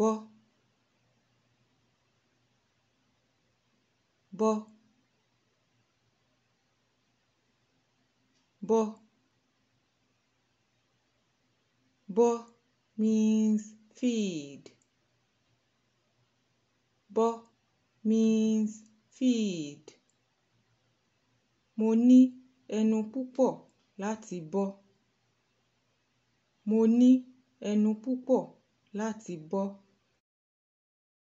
bọ́ bọ́ bọ́ bọ́ means feed bọ́ means feed mo ní ẹnu púpọ̀ láti bọ́ mo ní ẹnu púpọ̀ láti bọ́